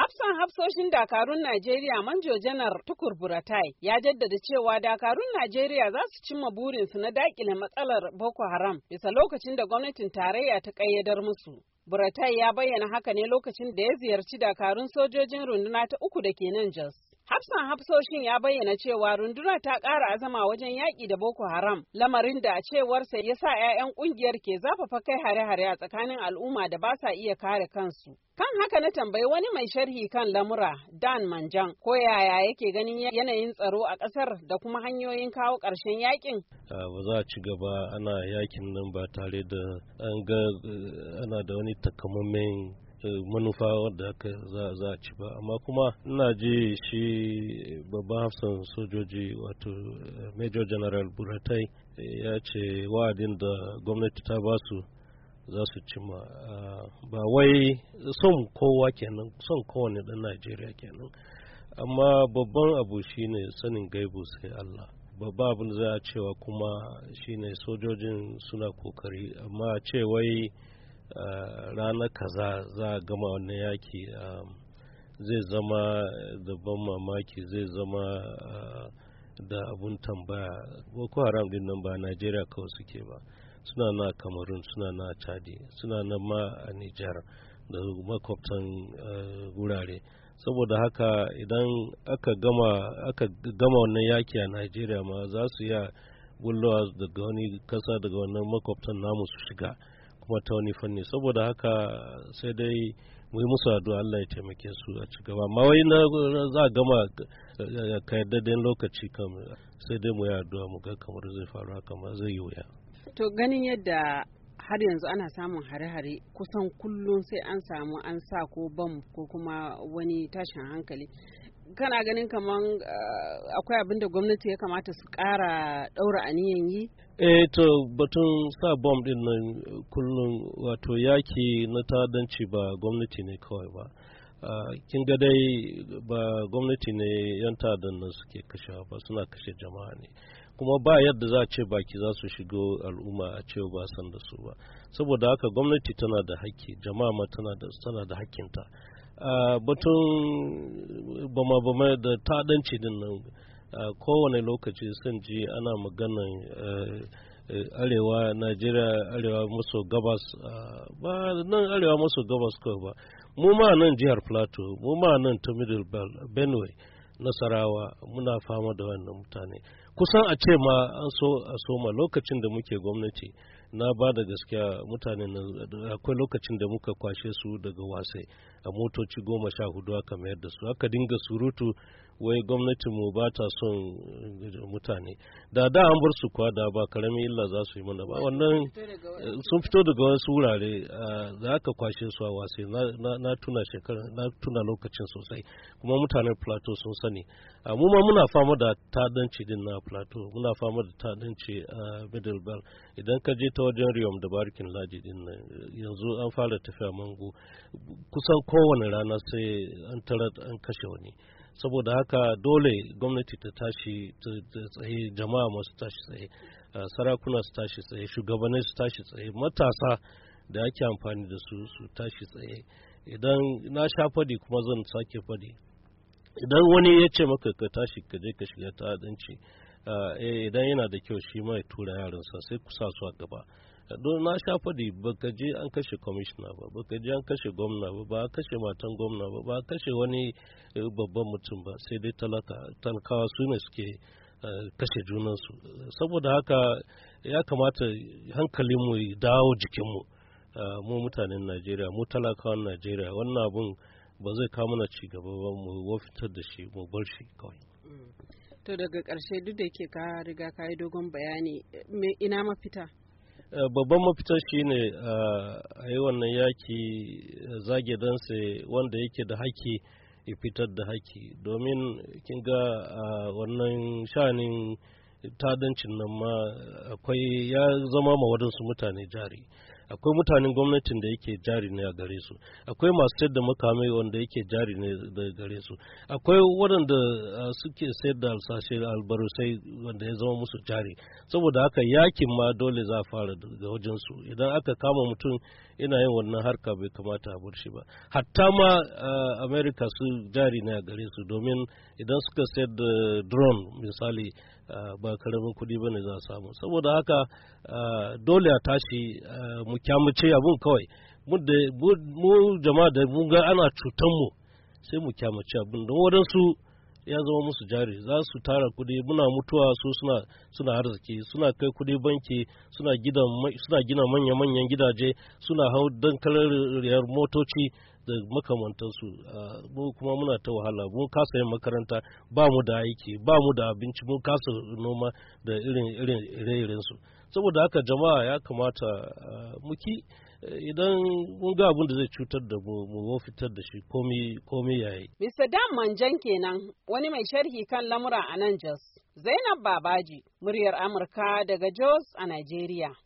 Hafsan hafsoshin dakarun Najeriya Manjo Janar Tukur Buratai ya jaddada cewa dakarun Najeriya za su cimma burinsu na dakile matsalar Boko Haram bisa lokacin da gwamnatin tarayya ta ƙayyadar musu. Buratai ya bayyana haka ne lokacin da ya ziyarci dakarun sojojin runduna ta uku da ke nan Jos. Hafsan hafsoshin ya bayyana cewa runduna ta ƙara azama wajen yaƙi da Boko Haram, lamarin da a cewarsa ya sa 'ya'yan ƙungiyar ke zafafa kai hare-hare a tsakanin al'umma da ba sa iya kare kansu. Kan haka na tambayi wani mai sharhi kan lamura, Dan Manjan, ko yaya yake ganin yanayin tsaro a ƙasar da kuma hanyoyin kawo ƙarshen yaƙin? Ba za a ci gaba ana yakin nan ba tare da an ga eh, ana da wani takamaiman manufa wadda aka za a ci ba amma kuma ina ji shi babban hafsan sojoji wato eh, major general buratai eh, ya ce wa'adin da gwamnati ta ba su za su cima ah, ba wai son kowa kenan son kowane dan najeriya kenan amma babban abu shine sanin gaibu sai allah babba abin za a cewa kuma shine sojojin suna kokari amma ce wai Eh, ranar kaza za a gama wannan yaki um, zai zama eh, da ban mamaki zai zama eh, da abun tambaya boko haram din nan ba najeriya kawai suke ba suna na kamarun suna na chadi suna na ma a nijar da makwabtan wurare saboda haka idan aka gama aka gama wannan yaki a najeriya ma za su iya bullowa daga wani kasa daga wannan makwabtan namu su shiga wata wani fanni saboda haka sai dai mu yi musu addu'a Allah ya taimake su a ci gaba amma wai na za gama eh, ka yadda lokaci kam sai dai mu yi addu'a mu ga kamar zai faru haka ma zai yi wuya to ganin yadda har yanzu ana samun hare-hare kusan kullum sai an samu an sa ko bam ko kuma wani tashin hankali kana ganin kaman eh, akwai abin da gwamnati ya kamata su kara ɗaura aniyan yi? eh to batun sa bom din nan kullum wato yaki na ta'addanci ba gwamnati ne kawai ba eh, kin ga dai ba gwamnati ne yan ta'addan nan suke kashewa ba suna kashe jama'a ne kuma ba yadda za a ce baki za su shigo al'umma a ce ba san da su ba saboda haka gwamnati tana da haƙƙi jama'a ma tana da haƙƙinta. batun bama-bama da taɗanci din nan kowane lokaci sun ji ana maganan eh, eh, arewa najeriya arewa maso gabas ba nan arewa maso gabas kawai ba mu ma nan jihar plateau mu ma nan ta middle benue nasarawa muna fama da wannan mutane kusan a ce ma an so a soma lokacin da muke gwamnati na ba da gaskiya mutane na akwai lokacin da muka kwashe su daga wasai a motoci goma sha hudu aka mayar da su aka dinga surutu wai gwamnatin mu ba ta son eh, mutane da da an bar su kwa da ba karamin illa za su yi mana ba wannan eh, sun fito daga wasu wurare za eh, ka kwashe su a wasi na tuna shekara na tuna lokacin sosai kuma mutanen plateau sun sani ah, mu ma muna fama da tadanci din na plateau muna fama da tadanci a middle belt idan ka je ta wajen riyom da barikin laji din yanzu an fara tafiya mango kusan kowane rana sai an tarar an kashe wani saboda haka dole gwamnati ta tashi tsaye jama'a masu tashi tsaye eh, sarakuna su tashi tsaye shugabannin su tashi tsaye matasa da ake amfani da su su tashi tsaye idan na sha fadi kuma zan sake fadi idan wani ya ce maka ka tashi ka je ka shiga ta'addanci Eh, eh, idan yana da kyau shi ma tura tura yaransa sai ku su a gaba don na sha faɗi baka je an kashe kwamishina ba baka je an kashe gwamna ba ba kashe matan gwamna ba ba kashe wani eh, babban mutum ba sai dai talakawa su ne suke kashe junansu saboda haka ya kamata hankalinmu dawo jikinmu mu mutanen najeriya mu talakawan najeriya wannan abun ba zai kamuna mana ci gaba ba mu wafitar da shi mu bar shi kawai mm. to daga karshe duk da ke ka riga ka yi dogon bayani ina mafita eh, babban mafita shine eh, a yi wannan yaki eh, zage danse wanda yake da haki ya fitar da haki domin kin ga wannan shanin tadancin nan ma akwai ya zama ma waɗansu mutane jari akwai mutanen gwamnatin da yake jari ne a gare su akwai masu sayar da makamai wanda yake jari ne da gare su akwai waɗanda ah, suke sayar da alsashe albarusai wanda ya zama musu jari saboda haka yakin ma dole za a fara daga wajen su idan aka kama mutum ina yin wannan harka bai kamata a bar shi ba hatta ma ah, america su jari ne a gare su domin idan suka sayar da drone misali ba karamin kuɗi ba ne za a samu saboda haka dole a tashi mu kyamace abun kawai mu jama'a da mun ana cutar mu sai mu kyamace abun don waɗansu ya zama musu jari za su tara kuɗi muna mutuwa su suna suna arziki suna kai kuɗi banki suna gina manya-manyan gidaje suna hau dankalar motoci da makamantansu mu kuma muna ta wahala mun kasa yin makaranta ba mu da aiki ba mu da abinci mun kasa noma da irin irin irin su saboda haka jama'a ya kamata muki idan mun ga abin da zai cutar da mu mu fitar da shi komi komi yayi Mr. Dan Manjan kenan wani mai sharhi kan lamura a nan Jos Zainab Babaji muryar Amurka daga Jos a Najeriya